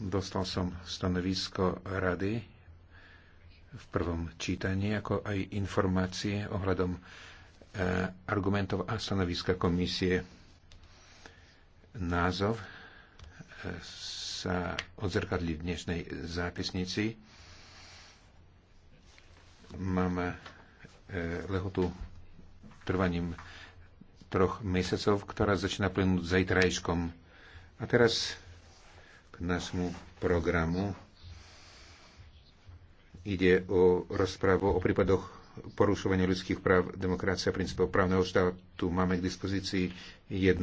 Dostal som stanovisko rady v prvom čítaní, ako aj informácie ohľadom e, argumentov a stanoviska komisie. Názov e, sa odzrkadli v dnešnej zápisnici. Máme e, lehotu trvaním troch mesiacov, ktorá začína plynúť zajtrajškom. A teraz k našemu programu. Ide o rozprávu o prípadoch porušovania ľudských práv, demokracia a princípov právneho štátu. Máme k dispozícii jednu